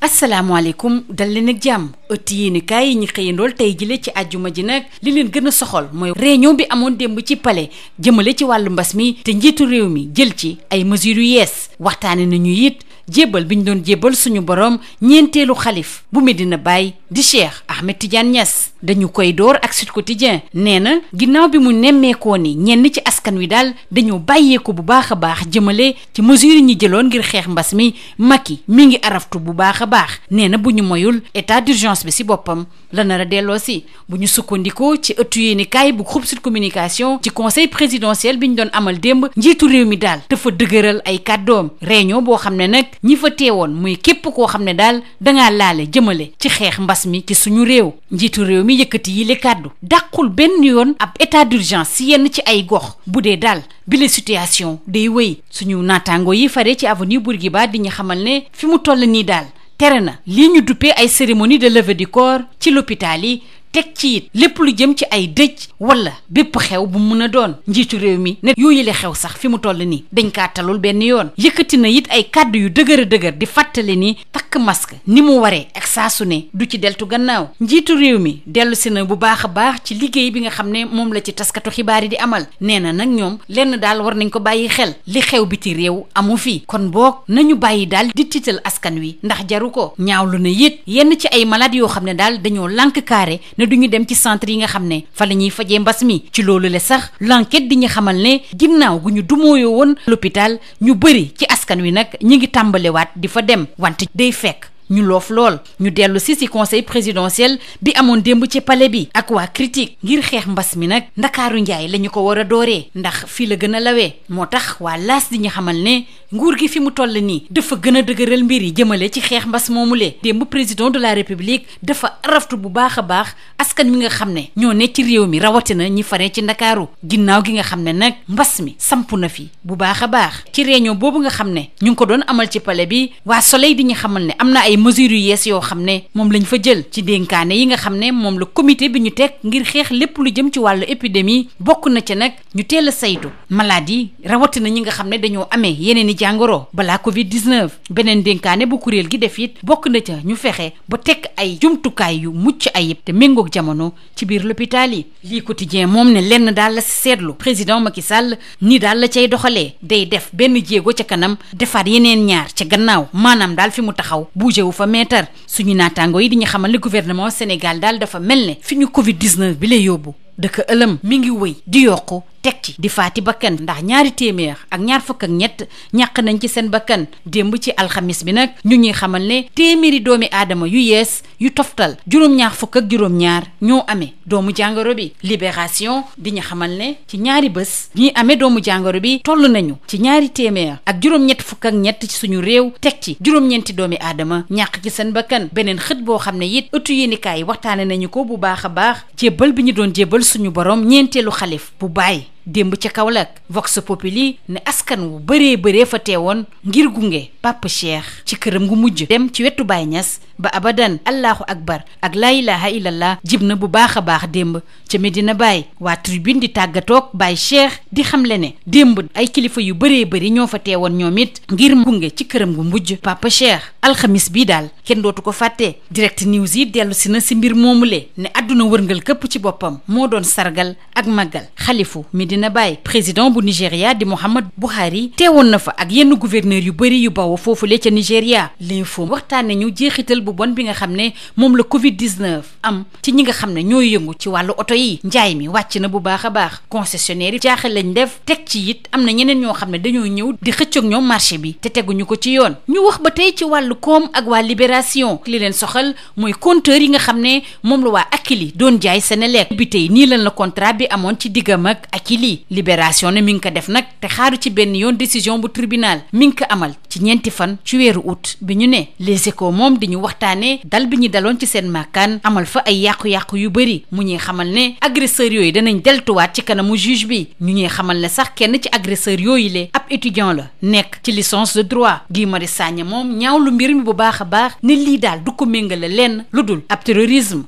asalaamaaleykum dal leen ak jàmm ëtt yéenekaay yi ñu xëyandool tey jile ci àjjuma ji nag li leen gën a soxal mooy réunion bi amoon démb ci pale jëmale ci wàllu mbas mi te njiitu réew mi jël ci ay mesures yu yees waxtaane nañu it jébbal bi ñu doon jébbal suñu borom ñeenteelu xalif bu Medina bàyyi di Cheikh Ahmed Tidiane Niass dañu koy door ak Sud Quotidien nee na ginnaaw bi mu nemmeekoo ni ñenn ci askan wi daal dañoo bàyyeeku bu baax a baax jëmale ci mesure yi ñu jëloon ngir xeex mbas mi mag Macky mi ngi araftu bu baax a baax nee na bu ñu moyul état d'urgence bi si boppam la nar a delloo si bu ñu sukkandikoo ci ëttu yéenekaay bu groupe Sud Communication ci conseil présidentiel bi ñu doon amal démb njiitu réew mi daal dafa dëgëral ay kàddoom réunion boo xam ne nag ñi fa teewoon muy képp koo xam ne daal dangaa laale jëmale ci xeex mbas mi ci suñu réew njiitu réew mi yëkkati yi le kàddu dàqul benn yoon ab état d'urgence si yenn ci ay gox bu dee daal bile situation day wéy suñu naataango yi fare ci avenue Bourguiba di ñu xamal ne fi mu toll nii daal tere na lii ñu duppee ay cérémonie de levée du corps ci l'hôpital yi teg ci it lépp lu jëm ci ay dëj wala bépp xew bu mun a doon njiitu réew mi ne yooyu le xew sax fi mu toll nii dañ kaa talul benn yoon yëkkati na it ay kàddu yu dëgër a dëgër di fàttali ni takk masque ni mu waree ak saa ne du ci deltu gannaaw njiitu réew mi dellu si na bu baax a baax ci liggéey bi nga xam ne moom la ci taskatu xibaar yi di amal nee na nag ñoom lenn daal war nañ ko bàyyi xel li xew biti réew amu fi kon boog nañu bàyyi daal di tiital askan wi ndax jaru ko ñaawlu na it yenn ci ay malade yoo xam ne daal dañoo lànk kaare ne du ñu dem ci centre yi nga xam ne fa la ñuy fajee mbas mi ci loolu la sax l'enquête di ñu xamal ne ginnaaw gu ñu dumooyoo woon l'hôpital ñu bëri ci askan wi nag ñi ngi tàmbalewaat di fa dem wante day fekk ñu loof lool ñu dellu si si conseil présidentiel bi amoon démb ci pale bi ak waa critique ngir xeex mbas mi nag ndakaaru njaay la ñu ko war a dooree ndax fii la gën a lawee moo tax waa laas di ñu xamal ne nguur gi fi mu toll nii dafa gën a dëgëral mbir yi jëmale ci xeex mbas moomule démb président de la république dafa araftu bu baax a baax askan mi nga xam ne ñoo ne ci réew mi rawatina ñi faree ci ndakaaru ginnaaw gi nga xam ne nag mbas mi samp na fi bu baax a baax ci réunion boobu nga xam ne ñu ngi ko doon amal ci palais bi waa soleil di ñu xamal ne am na ay mesures yu yees yoo xam ne moom lañ fa jël ci dénkaane yi nga xam ne moom la comité bi ñu teg ngir xeex lépp lu jëm ci wàllu épidémie bokk na ca nag ñu teel a saytu maladie rawatina ñi nga xam ne dañoo amee yeneen i jàngoro balaa Covid 19 beneen dénkaane bu kuréel gi def it bokk na ca ñu fexe ba tekk ay jumtukaay yu mucc ayib te méngoog jamono ci biir l'hôpital yi lii quotidien moom ne lenn daal la seetlu président Macky sàll ni daal la cay doxalee day def benn jéego ca kanam defaat yeneen ñaar ca gannaaw maanaam daal fi mu taxaw wu fa meetar suñu naataangoo yi di ñu xamal ne gouvernement Sénégal daal dafa mel ne fi ñu Covid 19 bi lay yóbbu dëkk ëlëm mi ngi woy di yokku teg ci di faati bakkan ndax ñaari téeméer ak ñaar fukk ak ñett ñàq nañ ci seen bakkan démb ci alxamis bi nag ñu ñuy xamal ne téeméeri doomi aadama yu yees yu toftal juróom-ñaar fukk ak juróom ñoo amee doomu jàngoro bi libération di xamal ne ci ñaari bés ñi amee doomu jàngoro bi toll nañu ci ñaari téeméer ak juróom-ñett fukk ak ñett ci suñu réew teg ci juróom-ñeenti doomi aadama ñàq ci seen bakkan beneen xët boo xam ne it ëttu yéenikaay waxtaane nañu ko bu baax a baax jébbal bi ñu doon jébbal suñu borom ñeenteelu xalif bu bàyyi démb ca Kaolack Vox Populi ne askan wu bëree bëree fa teewoon ngir gunge Pape Cheikh ci këram gu mujj dem ci wetu Baye Niass ba abadan allahu akbar ak laa ilaha illallah jib na bu baax a baax démb ca Medina bàyyi waa tribune di tàggatoog bàyyi Cheikh di xamle ne démb ay kilifa yu bëree bëri ñoo fa teewoon ñoom it ngir gunge ci këram gu mujj Pape Cheikh alxamis bii daal kenn dootu ko fàtte direct news yi dellu si na si mbir moomule ne àdduna wërngal këpp ci boppam moo doon sargal ak màggal Medina Baye président bu Nigéria di Mohamed Buhari teewoon na fa ak yenn gouverneur yu bëri yu foofu foofule ca Nigéria l'info waxtaane ñu jeexital bu bon bi nga xam ne moom la Covid 19 am ci ñi nga xam ne ñooy yëngu ci wàllu oto yi njaay mi wàcc na bu baax a baax concessionnaire yi jaaxle lañ def teg ci it am na ñeneen ñoo xam ne dañoo ñëw di xëccoog ñoom marché bi te teguñu ko ci yoon ñu wax ba tey ci wàllu koom ak waa libération li soxal mooy compteur yi nga xam ne moom la waa Akili doon jaay Senelec bi tey nii lan la contrat bi amoon ci diggam ak Akili lii libération ne mi ngi ko def nag te xaaru ci benn yoon décision bu tribunal mi ngi ko amal ci ñeenti fan ci weeru août bi ñu ne les échos moom di ñu waxtaanee dal bi ñu daloon ci seen màkkaan amal fa ay yàqu-yàqu yu bëri mu ñuy xamal ne agresseurs yooyu danañ deltuwaat ci kanamu juge bi ñu ñuy xamal ne sax kenn ci agresseurs yooyu le ab étudiant la nekk ci licence de droit ma di Sagna moom ñaaw lu mbir mi bu baax a baax nit lii daal du ko méngale lenn lu dul ab terrorisme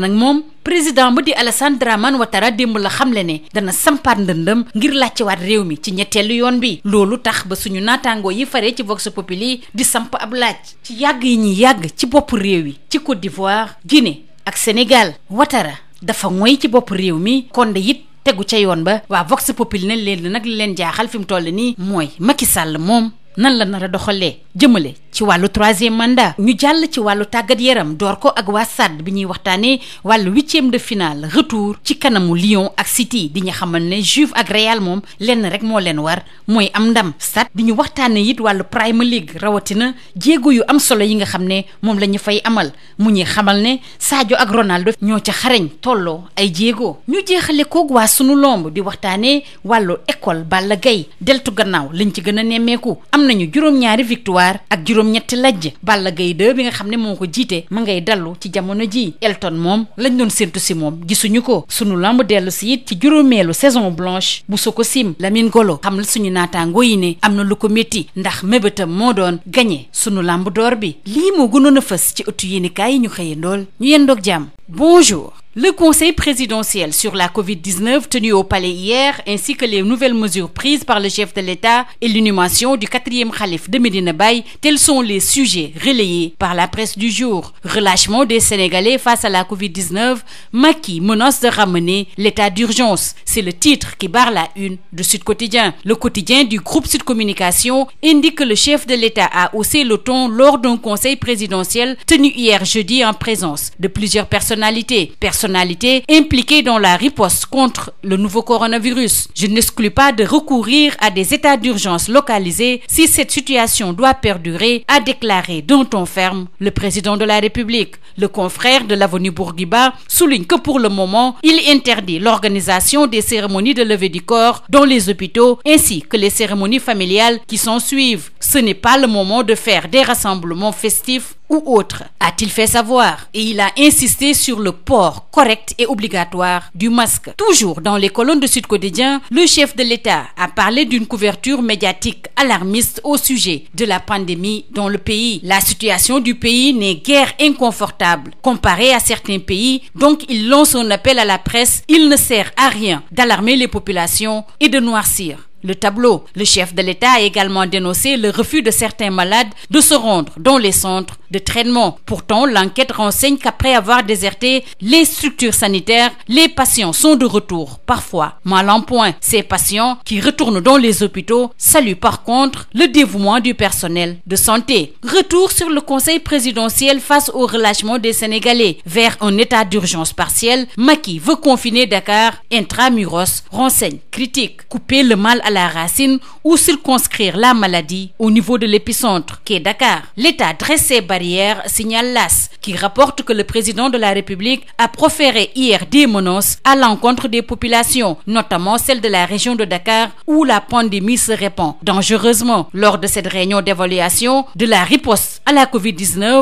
nag moom président ba di Alassane Dramane Ouattara démb la xamle ne dana sampaat ndëndëm ngir laajtewaat réew mi ci ñetteelu yoon bi loolu tax ba suñu naataangoo yi fare ci Vox Populi di samp ab laaj ci yàgg yi ñuy yàgg ci bopp réew yi ci Côte d'Ivoire Guinée ak Sénégal Ouattara dafa moy ci bopp réew mi kon konde it tegu ca yoon ba waa Vox Populi ne leen nag li leen jaaxal fi mu toll nii mooy Macky sàll moom nan la nar a doxalee jëmale ci wàllu troisième mandat ñu jàll ci wàllu tàggat yaram door ko ak waa SAD bi ñuy waxtaanee wàllu huitième de finale retour ci kanamu Lyon ak City di ñu xamal ne Juve ak Real moom lenn rek moo leen war mooy am ndam SAD bi ñu waxtaanee it wàllu Premier League rawatina jéego yu am solo yi nga xam ne moom la ñu fay amal mu ñuy xamal ne Sadio ak Ronaldo ñoo ci xarañ tolloo ay jéego ñu jeexale kook waa sunu lomb di waxtaanee wàllu école Balla Gaye deltu gannaaw lañ ci gën a nemmeeku. am nañu juróom-ñaari victoire ak juróom-ñetti lajj Balla Gaye 2 bi nga xam ne moo ko jiite ma ngay dallu ci jamono ji Elton moom lañ doon séntu si moom gisuñu ko sunu lamb dellu si it ci juróomeelu saison blanche bu so ko sim Lamine Golo xam la suñu naataangoo yi ne am na lu ko métti ndax mébétam moo doon gañe sunu làmb door bi lii moo gënoon a fës ci ëttu yéenikaay yi ñu xëye ndool ñu yendoog jàmm bonjour Le conseil présidentiel sur la Covid-19 tenu au palais hier ainsi que les nouvelles mesures prises par le chef de l'État et l'inhumation du quatrième khalife de Médina tels sont les sujets relayés par la presse du jour. Relâchement des Sénégalais face à la Covid-19, Macky menace de ramener l'état d'urgence. C'est le titre qui barre la une de Sud Quotidien. Le quotidien du groupe Sud Communication indique que le chef de l'État a haussé le ton lors d'un conseil présidentiel personnalités impliquées dans la riposte contre le nouveau coronavirus. Je n'exclus pas de recourir à des états d'urgence localisés si cette situation doit perdurer, a déclaré d'un ton ferme le président de la République. Le confrère de l'avenue Bourguiba souligne que pour le moment, il interdit l'organisation des cérémonies de levée du corps dans les hôpitaux ainsi que les cérémonies familiales qui s'en suivent. Ce n'est pas le moment de faire des rassemblements festifs ou autres, a t sur le port correcte et obligatoire du masque. Toujours dans les colonnes de Sud Quotidien, le chef de l'État a parlé d'une couverture médiatique alarmiste au sujet de la pandémie dans le pays. La situation du pays n'est guère inconfortable comparée à certains pays, donc il lance un appel à la presse. Il ne sert à rien d'alarmer les populations et de noircir le tableau. Le chef de l'État a également dénoncé le refus de certains malades de se rendre dans les centres de traitement. Pourtant, l'enquête renseigne qu'après avoir déserté les structures sanitaires, les patients sont de retour, parfois mal en point. Ces patients qui retournent dans les hôpitaux saluent par contre le dévouement du personnel de santé. Retour sur le conseil présidentiel face au relâchement des Sénégalais vers un état d'urgence partielle. Macky veut confiner Dakar intramuros, renseigne critique. Couper le à la racine ou circonscrire la maladie au niveau de l'épicentre qu'est Dakar. L'État dresse ses signale l'AS, qui rapporte que le président de la République a proféré hier des menaces à l'encontre des populations, notamment celle de la région de Dakar où la pandémie se répand dangereusement. Lors de cette réunion d'évaluation de la riposte à la covid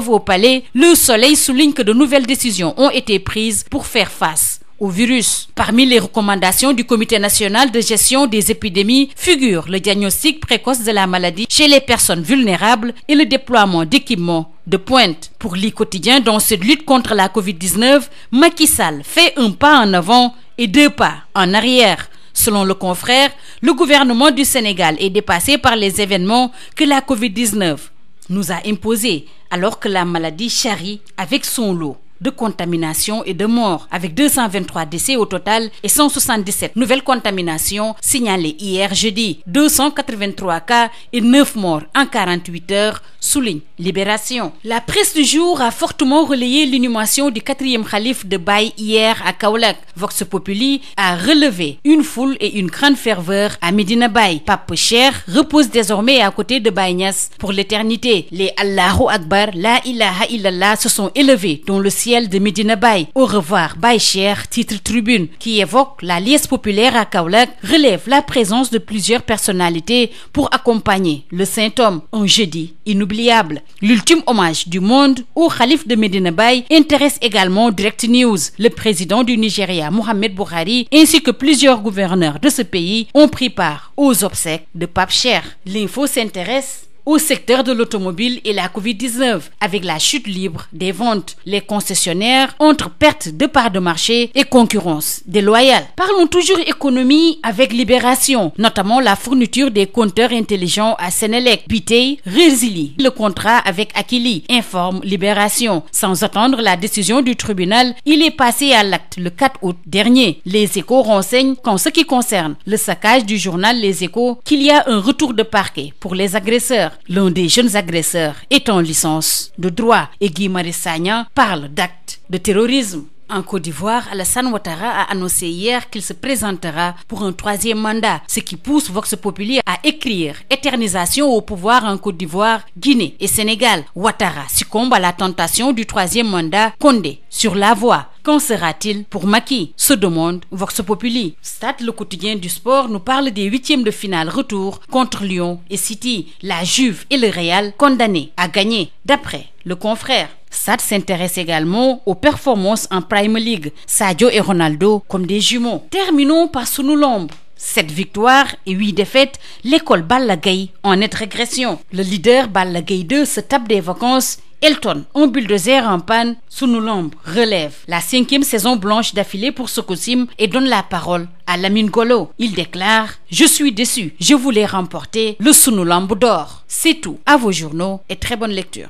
au Palais, Le Soleil souligne que de nouvelles décisions ont été prises pour faire face au virus. Parmi les recommandations du Comité national de gestion des épidémies figure le diagnostic précoce de la maladie chez les personnes vulnérables et le déploiement d'équipements de pointe. Pour l'I Quotidien, dans cette lutte contre la Covid-19, Macky Sall fait un pas en avant et deux pas en arrière. Selon le confrère, le gouvernement du Sénégal est dépassé par les événements que la Covid-19 nous a imposés alors que la maladie charrie avec son lot. de contamination et de mort, avec 223 décès au total et 177 nouvelles contaminations signalées hier jeudi. 283 cas et 9 morts en 48 heures, souligne Libération. La presse du jour a fortement relayé l'inhumation du quatrième calife de Baye hier à Kaolack. Vox Populi a relevé une foule et une grande ferveur à Medina Baye. Pape Cheikh repose désormais à côté de Baye Niass pour l'éternité. Les Allahu Akbar, la ilaha illallah se sont élevés dans le officielle de Medina Baye. Au revoir, Baye Cher, titre tribune, qui évoque la liesse populaire à Kaolack, relève la présence de plusieurs personnalités pour accompagner le saint homme un jeudi inoubliable. L'ultime hommage du monde au khalife de Medina Baye intéresse également Direct News. Le président du Nigeria, Mohamed Buhari, ainsi que plusieurs gouverneurs de ce pays ont pris part aux obsèques de Pape Cheikh. L'info au secteur de l'automobile et la Covid-19 avec la chute libre des ventes. Les concessionnaires entre perte de parts de marché et concurrence déloyale. Parlons toujours économie avec Libération, notamment la fourniture des compteurs intelligents à Sénélec. Bitey résilie le contrat avec Akili, informe Libération. Sans attendre la décision du tribunal, il est passé à l'acte le 4 août dernier. Les Échos renseignent qu'en ce qui concerne le saccage du journal Les l'un des jeunes agresseurs est en licence de droit et Guy Marius Sagna parle d'actes de terrorisme. En Côte d'Ivoire, Alassane Ouattara a annoncé hier qu'il se présentera pour un troisième mandat, ce qui pousse Vox Populi à écrire éternisation au pouvoir en Côte d'Ivoire, Guinée et Sénégal. Ouattara succombe à la tentation du troisième mandat, Condé sur la voie. Qu'en sera-t-il pour Macky se demande Vox Populi. Stade le quotidien du sport nous parle des huitièmes de finale retour contre Lyon et City. La Juve et le Real condamnés à gagner, d'après le confrère. Stade s'intéresse également aux performances en Prime League, Sadio et Ronaldo comme des jumeaux. Terminons par Sunu Lamb. Sept victoires et huit défaites, l'école Balla Gaye en nette régression. Le leader Balla Gaye 2 se tape des vacances Elton, un bulldozer en panne, sunu lamb relève la cinquième saison blanche d'affilée pour Sococim et donne la parole à Lamine Golo. Il déclare "Je suis déçu. Je voulais remporter le sunu lamb d'or." C'est tout. À vos journaux et très bonne lecture.